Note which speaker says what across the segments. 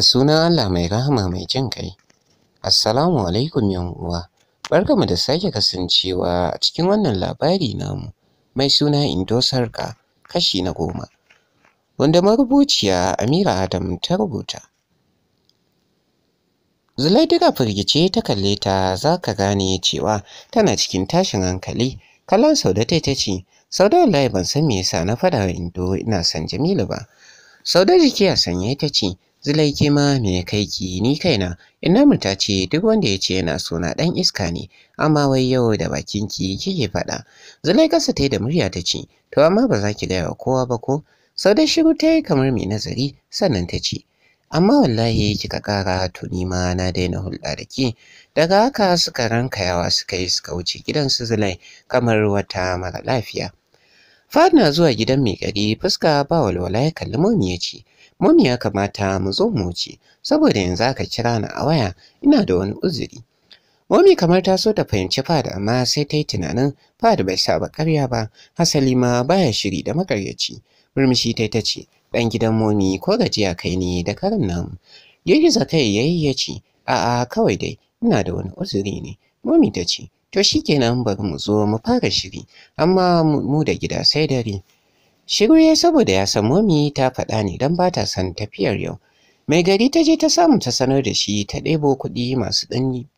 Speaker 1: da suna Allah mai rahama mai jin kai. Assalamu alaikum uwa. Barkamu da sake kasancewa a cikin wannan labari namu mai suna sarƙa, kashi na goma. Wanda marubuciya Amira Adam ta rubuta. Zulai daga firgice ta kalle ta za ka gane cewa tana cikin tashin hankali. Kallon da ta ce, Sauda wallahi ban san me yasa na fada Indo ina san Jamilu ba. da jiki a sanye ta ce, Zulai ke ma me kai ki ni kaina ina mun ce duk wanda ya ce yana so na dan iska ne amma wai yau da bakin ki kike faɗa. Zulai kasa ta da murya ta ce to amma ba za ki gaya wa kowa ba ko? Sau da shiru ta kamar mai nazari sannan ta ce amma wallahi kika kara to ni ma na daina hulɗa da ki. daga haka suka ranka rankayawa suka yi suka wuce gidan su Zulai kamar wata mara lafiya. na zuwa gidan mai gari fuska ba walwala ya kalli momi ya ce Momi ya kamata mu zo mu wuce, saboda yanzu aka kira ni a waya ina da wani uzuri. Momi kamar ta so ta fahimci Fad amma sai ta yi tunanin Fad bai saba karya ba, hasali ma baya shiri da makaryaci. Murmushi ta ta ce, ɗan gidan Momi ko gajiya kai ne da karin namu. Ya yi zakai ya yi ya ce, a'a kawai dai ina da wani uzuri ne. Momi ta ce, to shikenan bari mu zo mu fara shiri, amma mu da gida sai dare. Shiru ya saboda ya san momi ta faɗa ne don ba ta son tafiyar yau. Mai gari ta je ta samu ta sanar da shi ta ɗebo kuɗi masu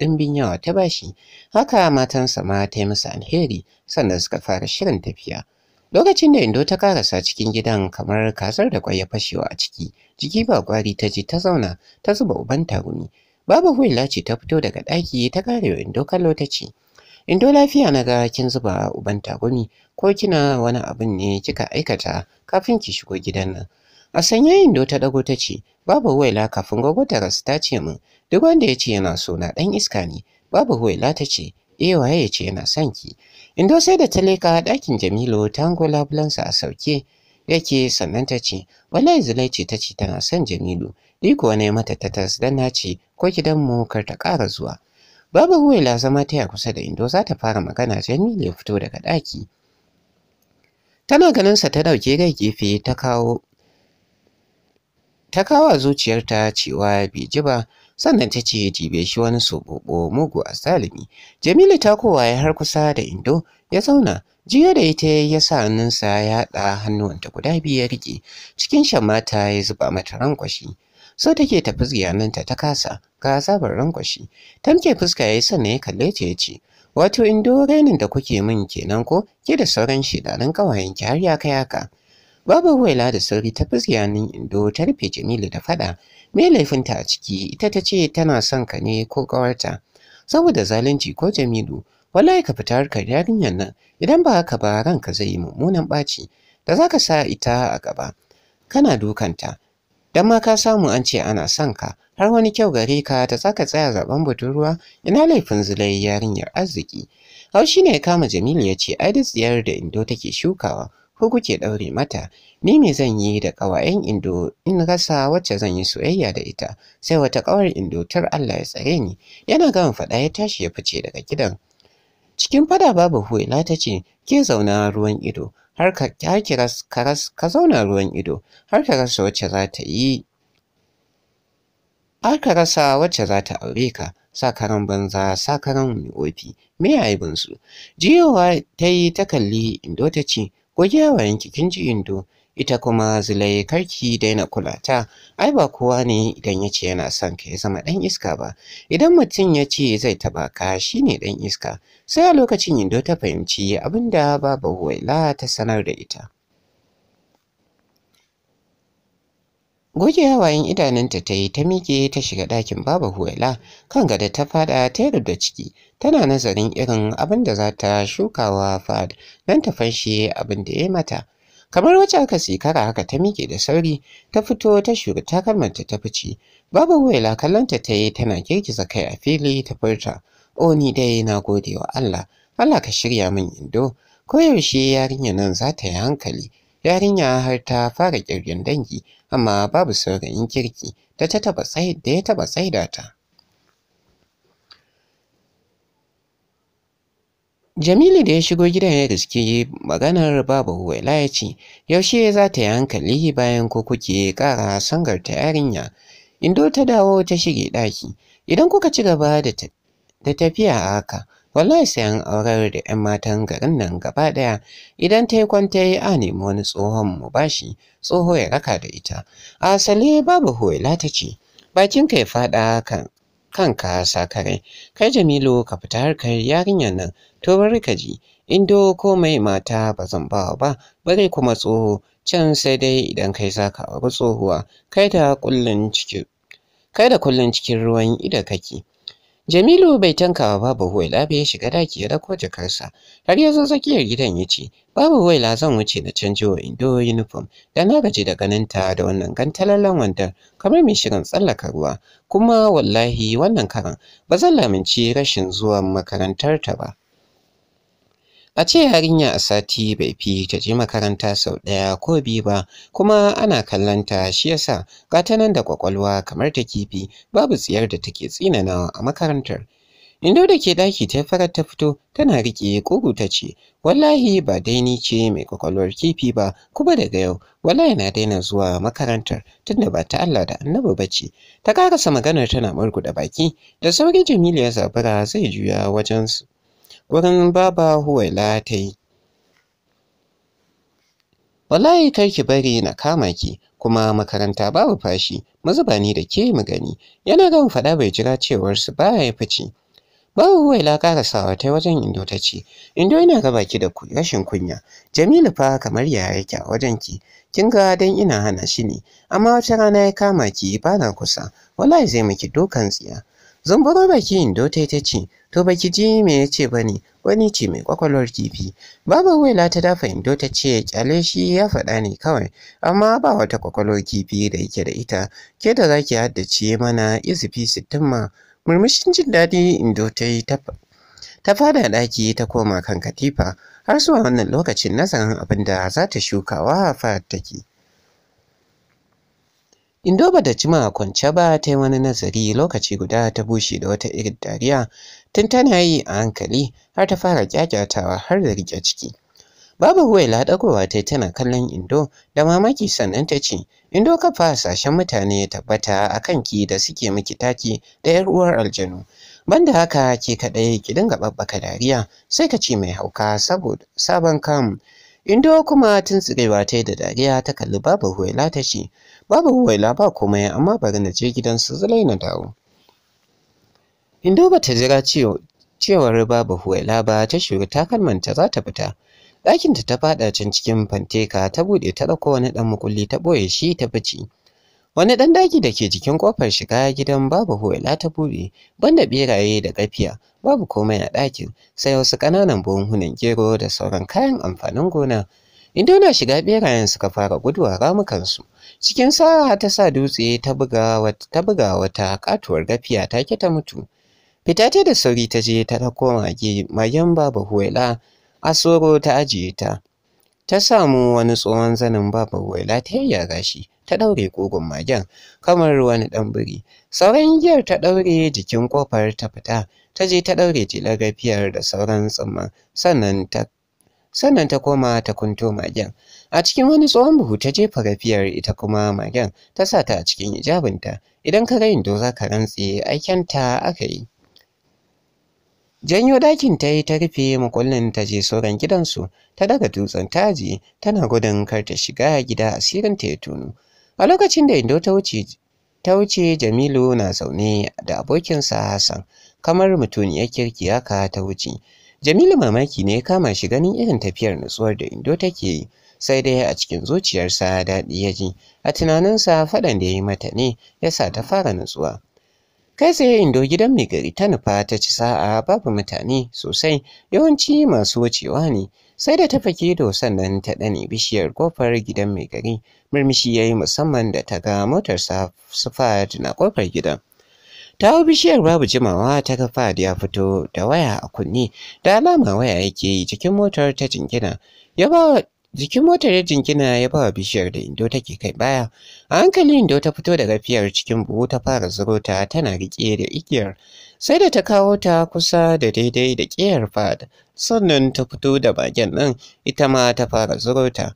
Speaker 1: ɗimbin yawa ta bashi. Haka matansa ma ta yi masa alheri sannan suka fara shirin tafiya. Lokacin da Indo ta karasa cikin gidan kamar kasar da kwai ya fashewa a ciki, jiki ba kwari ta je ta zauna ta zuba uban tagumi. Babu Huila ce ta fito daga ɗaki ta kare wa Indo kallo ta ce, Indo lafiya na ga kin zuba uban tagumi ko kina wani abin ne kika aikata kafin ki shigo gidan nan a sanyayin do ta dago ta ce babu waila kafin gogo ta rasu ta ce min duk wanda ya ce yana so na dan iska ne babu waila ta ce eh waye ya ce yana son ki indo sai da ta leka ɗakin jamilu ta hango labulansa a sauke yake sannan ta ce wallahi zulai ce ta ce tana son jamilu ni kuwa ne mata tatas dan na ce ko gidan mu kar ta ƙara zuwa babu huwaila zama taya kusa da indo za ta fara magana jamilu ya fito daga ɗaki tana ganin sa ta ɗauke gai gefe ta kawo ta kawo zuciyarta cewa bai ji ba sannan ta ce jibe shi wani soɓoɓo mugu a salimi jamilu ta ya har kusa da indo ya zauna jiya da ita ya sa hannunsa ya haɗa hannuwanta guda biyu ya rike cikin mata ya zuba mata rankwashi so take ta nan ta kasa ga azabar rankwashi tamke fuska ya yi sannan ya kalle ta ya ce Wato in renin da kuke min kenan ko ke da sauran shedaran ƙawayenki har ya kai haka. Babu Waila da sauri ta fizgiya ni indo ta rufe Jamilu da faɗa. Me laifinta a ciki ita ta ce tana son ka ne ko kawarta Saboda zalunci ko Jamilu wallahi ka fita harkar yarinyar nan idan ba haka ba ranka zai yi mummunan ɓaci da za ka sa ita a gaba. Kana dukanta dan ma ka samu an ce ana son ka har wani kyau gare ka ta saka tsaya zaben budurwa ina laifin zulai yarinyar arziki haushi ne ya kama jamilu ya ce ai tsiyar da indo take shukawa ko kuke ɗaure mata ni me zan yi da ƙawayen indo in rasa wacce zan yi soyayya da ita sai wata ƙawar indo tar allah ya tsare ni yana gama faɗa ya tashi ya fice daga gidan cikin fada babu huwaila ta ce ke zauna ruwan ido har ka ka zauna ruwan ido har ka rasa wacce za ta yi har ka rasa wacce za ta aure ka sakaran banza sakaran ofi me ya bansu? jiyowa ta yi ta kalli indo ta ce goge yawa yanki kin ji indo ita kuma zulai karki daina kula ta ai ba kowa ne idan ya ce yana son ka ya zama ɗan iska ba idan mutum ya ce zai taɓa ka shi ne ɗan iska sai a lokacin indo ta fahimci abin da baba waila ta sanar da ita goge hawayen idanunta ta yi ta miƙe ta shiga ɗakin baba huwaila kan gada ta faɗa ta yi da ciki tana nazarin irin abin da za ta shukawa fad don ta fanshe abin da ya mata kamar wacce aka sikara haka ta miƙe da sauri ta fito ta shuri takalmanta ta fice babu waila kallonta ta yi tana girgiza kai a fili ta furta o ni dai na gode wa Allah Allah ka shirya min indo koyaushe yarinya nan za ta yi hankali yarinya har ta fara kirgin dangi amma babu saurayin kirki da ta ya taba tsaida ta Jamilu da ya shigo gidan ya gaske maganar babu Huwaila ya ce, Yaushe za ta yi hankali bayan ko kuke ƙara sangar ta yarinya. Indo ta dawo ta shige ɗaki. Idan kuka ci gaba da tafiya a haka, wallahi sai an aurar da 'yan matan garin nan gaba ɗaya. Idan ta yi kwanta a nemi wani tsohon mu bashi, tsoho ya raka da ita. A asali babu Huwaila ta ce, bakinka ya faɗa kan kanka kare kai jamilu ka fita harkar yarinyar nan to bari ka ji indo ko mai mata ba zan ba ba bare kuma tsoho can sai dai idan kai za ka abu tsohuwa kai da kullun cikin kai da kullun cikin ruwan ida kake Jamilu bai tankawa babu huwaila bai shiga daki ya dako jakarsa. Har ya zo tsakiyar gidan ya ce, babu huwaila zan wuce na canjo indo uniform da na gaji da ganinta da wannan gantalalan wandar kamar mai shirin tsallaka ruwa. Kuma wallahi wannan karan ba zan lamince rashin zuwan ta ba. a ce yarinya a sati bai fi ta je makaranta sau ɗaya ko biyu ba kuma ana kallonta shi yasa gata nan da kwakwalwa kamar ta kifi babu tsiyar da take tsinanawa a makarantar Indo da ke daki ta farar ta fito tana riƙe ƙugu ta ce, Wallahi ba daini ce mai kwakwalwar kifi ba, kuma daga yau, wallahi na daina zuwa makarantar tunda ba ta Allah da annabi ba ce. Ta ƙarasa maganar tana murguɗa baki, da sauri Jamilu ya zabura zai juya wajen su. gurin baba huwaila ta yi wallahi kar ki bari na kama ki kuma makaranta babu fashi mazuba ni da ke mu gani yana gan faɗa bai jira cewar su ba ya fice babu huwaila karasawa ta wajen indo ta ce indo ina raba ki da rashin kunya jamilu fa kamar ya yake a wajen ki kin ga dan ina hana shi ne amma wata rana ya kama ki ba na kusa wallahi zai miki dokan tsiya Zumburo baki indo tai ta ce, to baki ji me ya ce ba ne, wani ce mai kwakwalwar kifi. Babu waila ta dafa indo ta ce, kyale shi ya faɗa ne kawai, amma ba wata kwakwalwar kifi da yake da ita, ke da za ki haddace mana izifi sittin ma. Murmushin jin daɗi indo ta yi ta fada ɗaki ta koma kan katifa har zuwa wannan lokacin nazarin abin da za ta shukawa fara take. Indo ba ta jima a kwance ba ta yi wani nazari lokaci guda ta bushe da wata irin dariya tun tana yi a hankali har ta fara kyakyatawa har da riƙe ciki. Babu Huwaila ɗagowa ta tana kallon Indo da mamaki sannan ta ce, Indo ka fa mutane ya tabbata a ki da suke miki taki da 'yar uwar aljanu. Banda haka ke kaɗai ki dinga ɓaɓɓaka dariya sai ka ce mai hauka saboda sabon kamu. Indo kuma tun tsirewa ta yi da dariya ta kalli babu huwaila ta ce, babu huwaila ba komai amma bari na je gidan su zulai na dawo. Indo ba ta jira cewar babu huwaila ba ta shuri takalmanta za ta fita. Ɗakinta ta faɗa can cikin fanteka ta buɗe ta ɗauko wani ɗan mukulli ta ɓoye shi ta fice. Wani ɗan daki da ke jikin ƙofar shiga gidan babu huwaila ta buɗe, banda ɓeraye da ƙafiya, babu komai a ɗakin, sai wasu ƙananan buhunhunan gero da sauran kayan amfanin gona. Indo na shiga ɓerayen suka fara guduwa ramukansu. Cikin sa'a ta sa dutse ta buga wata katuwar gafiya take ta mutu. Fita ta da sauri ta je ta ɗauko magen babu huwaila, asoro ta ajiye ta. Ta samu wani tsohon zanin babu huwaila ta yayyara shi. ta ɗaure ƙugun magen kamar ruwan ɗan biri. Sauran giyar ta ɗaure jikin ƙofar ta fita, ta je ta ɗaure jilar gafiyar da sauran tsumma, sannan ta koma ta kunto magen. A cikin wani tsohon buhu ta jefa rafiyar ita kuma magen ta sa ta a cikin hijabinta, idan ka ga do za ka rantse ta aka yi. Janyo dakin ta yi ta rufe makullin ta je sauran gidansu, ta daga dutsen taji tana gudun kar ta shiga gida asirin ta ya tunu. A lokacin da Indo ta wuce ta wuce Jamilu na zaune da abokinsa Hassan kamar ya kirki haka ta wuce. Jamilu mamaki ne ya kama shi ganin irin tafiyar nutsuwar da Indo take yi sai dai a cikin zuciyarsa daɗi ya ji a tunaninsa faɗan da ya yi mata ne ya sa ta fara nutsuwa. Kai tsaye Indo gidan mai gari ta nufa ta ci sa'a babu mutane sosai yawanci masu wucewa ne sai da ta fake sannan ta ɗane bishiyar kofar gidan mai gari murmushi ya yi musamman da ta ga motar sufat na kofar gidan ta hau bishiyar babu jimawa ta ga fad ya fito da waya a kunne da alama waya yake cikin motar ta jingina ya ba Jikin motar ya jingina ya bawa bishiyar da Indo take kai baya. A hankali Indo ta fito daga fiyar cikin buhu ta fara zuro ta tana riƙe da igiyar. Sai da ta kawo ta kusa da daidai da ƙiyar fad. Sannan ta fito da bagen nan, ita ma ta fara zuro ta.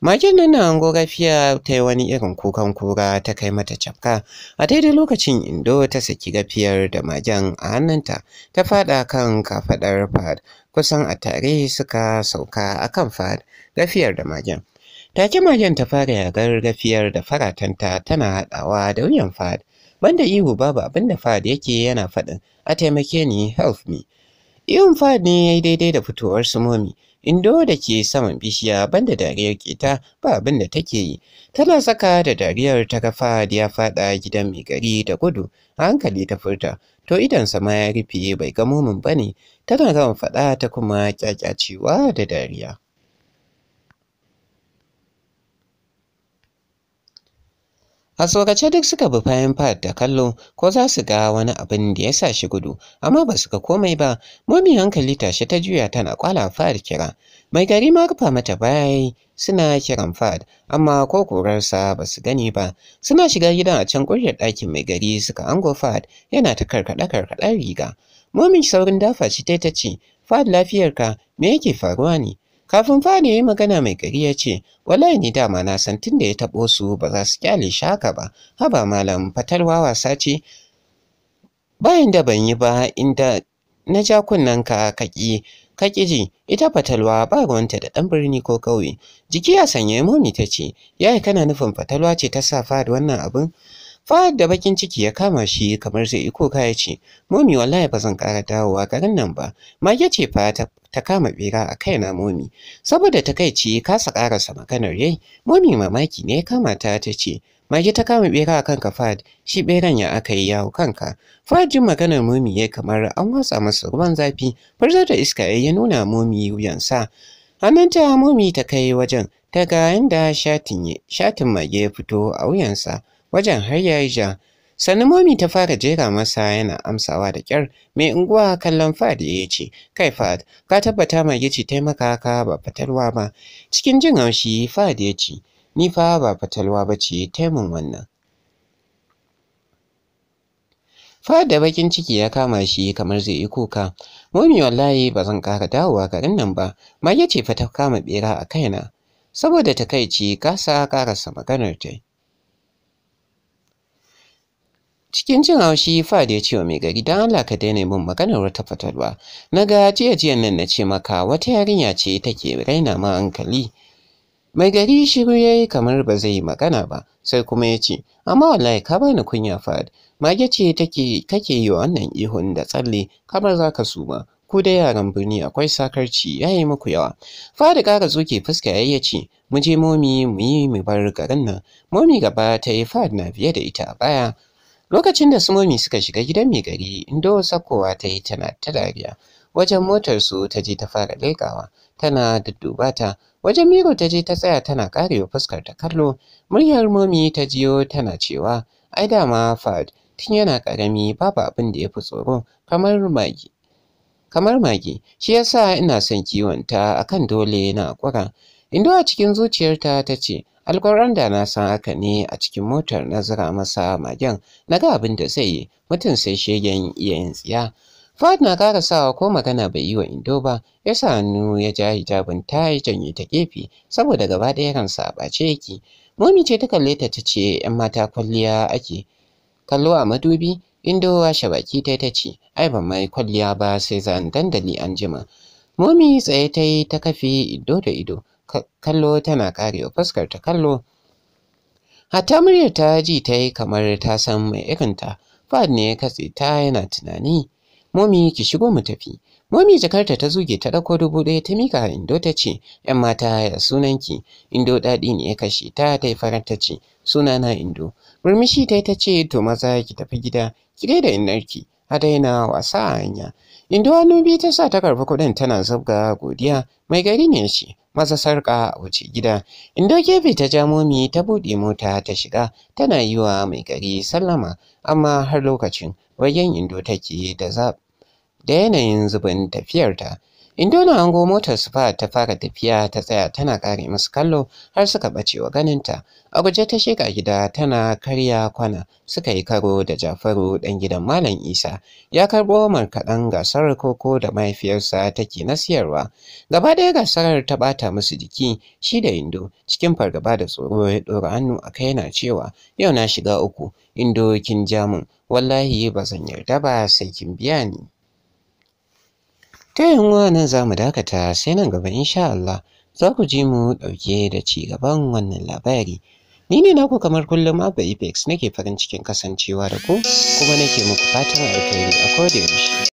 Speaker 1: Magen nan na hango gafiya ta yi wani irin kukan kura ta kai mata cafka. A daidai lokacin indo ta saki gafiyar da magen a hannunta ta fada kan kafaɗar fad kusan a tare suka sauka a kan fad gafiyar da magen. Take magen ta fara yagar gafiyar da faratanta tana haɗawa da wuyan fad. Banda ihu babu abin da fad yake yana faɗin a taimake ni help me. Ihun fad ne ya yi daidai da fitowar sumomi. Indo da ke saman bishiya banda dariyar keta ba abin da take yi. Tana saka da dariyar ta kafa da ya faɗa gidan mai gari da gudu a hankali ta furta. To idan sama ya rufe bai ga mumin ba Tana gama faɗa ta kuma kyakkyacewa da dariya. A tsorace duk suka bi fayan fad da kallo ko za su ga wani abin da ya sa shi gudu, amma ba su ga komai ba, momi hankali tashi ta juya tana kwala fad kira. Mai gari ma rufa mata baya suna kiran fad, amma ko kurarsa ba su gani ba. Suna shiga gidan a can kuryar ɗakin mai gari suka ango fad yana ta karkaɗa-karkaɗa riga. momi saurin dafa shi ta ce, Fad lafiyarka me yake faruwa ne? Kafin fari ya yi magana mai gari ya ce, wallahi ni dama na san tun da ya taɓo su ba za su kyale shi haka ba, haba malam fatalwa wasa ce, bayan da ban yi ba inda na ja kunnanka kaƙi kaƙi ji ita fatalwa ba ruwanta da ɗan birni ko ƙauye jiki ya sanya muni ta ce yaya kana nufin fatalwa ce ta sa da wannan abin Fahad da bakin ciki ya kama shi kamar sai iko kaya ce, Momi wallahi ba zan ƙara dawowa garin nan ba, mage ce fa ta, kama bera a kaina Momi, saboda ta kai ce kasa karasa maganar yai, Momi mamaki ne ya kama ta ta ce, Mage ta kama bera a kanka Fahad, shi beran ya aka yi yawo kanka. Fahad jin maganar Momi ya kamar an watsa masa ruwan zafi, farzar da iska ya nuna Momi wuyansa. ta, Momi ta kai wajen, ta ga inda shatin mage ya fito a wuyansa. wajen har ya yi ja sannu momi ta fara jera masa yana amsawa da kyar. mai unguwa kallon fad ya ce kai fad ka tabbata mage ce taimaka ka ba fatalwa ba cikin jin haushi fad ya ce ni fa ba fatalwa ba ce taimun wannan fad da bakin ciki ya kama shi kamar zai yi kuka momi wallahi ba zan ƙara dawowa garin nan ba mage ce fa ta kama bera a kaina saboda takaici kasa karasa maganar ta cikin jin haushi fad ya ce wa mai gari don Allah ka daina min maganar wata fatalwa na ga jiya jiya nan na ce maka wata yarinya ce take raina ma hankali mai gari shiru ya yi kamar ba zai yi magana ba sai kuma ya ce amma wallahi ka bani kunya fad mage ce take kake yi wa wannan ihun da tsalle kamar za ka suma ku da yaran birni akwai sakarci ya yi muku yawa fadi kara tsoke fuska ya ce mu je momi mu yi mu bar garin nan momi gaba ta yi fad na biye da ita baya lokacin da sumomi suka shiga gidan mai gari indo sakowa ta yi tana ta dariya wajen motar su ta je ta fara leƙawa tana dudduba ta wajen miro ta je ta tsaya tana karewa fuskar ta kallo muryar momi ta jiyo tana cewa ai dama fad tun yana karami babu abin da ya fi tsoro kamar magi kamar shi yasa ina son kiwon ta akan dole na kura indo a cikin zuciyarta ta ce alƙawarin da na san haka ne a cikin motar na zira masa magen na ga abin da zai yi mutum sai shegen iya yin tsiya Fad na ƙara sawa ko magana bai yi wa Indo ba, ya sa hannu ya ja hijabin ta ya janye ta gefe saboda gaba ɗaya ransa a ɓace yake. Momi ce ta kalle ta ta ce ‘yan mata kwalliya ake. Kallo a madubi, Indo washe baki ta ta ce, ai ban mai kwalliya ba sai zan dandali an jima. Momi tsaye ta yi ta kafe ido da ido, kallo tana karewa fuskar ta kallo hatta muryar ta ji ta yi kamar ta san mai irinta fad ne ya katse ta yana tunani momi ki shigo mu tafi momi jakarta ta zuge ta ɗauko dubu ɗaya ta mika indo ta ce yan mata ya sunanki indo daɗi ne ya kashe ta ta yi farar ta ce na indo murmushi ta yi ta ce to maza ki tafi gida ki da innarki a daina wasa a hanya Indo hannu biyu ta sa ta karɓi kuɗin tana zabga godiya mai gari ne shi maza sarƙa a wuce gida indo gefe ta jamomi ta buɗe mota ta shiga tana yi wa mai gari sallama amma har lokacin wajen indo take da da yanayin zubin tafiyarta na hango motar su ta fara tafiya ta tsaya tana kare musu kallo har suka bace wa ganinta. A guje ta shiga gida tana karya kwana suka yi karo da Jafaru dan gidan Malam Isa. Ya karbo markaɗan gasar koko da mahaifiyarsa take na siyarwa. Gaba ɗaya gasar ta bata musu jiki shi da Indo cikin fargaba da tsoro ya ɗora hannu a kai yana cewa yau na shiga uku Indo kin ja wallahi ba zan yarda ba sai kin biya ni. ta yanuwa nan za mu dakata sai nan gaba insha Allah za ku ji mu ɗauke da ci gaban wannan labari ni ne naku kamar kullum abba nake farin cikin kasancewa da ku kuma nake muku fatan alheri a koda shi.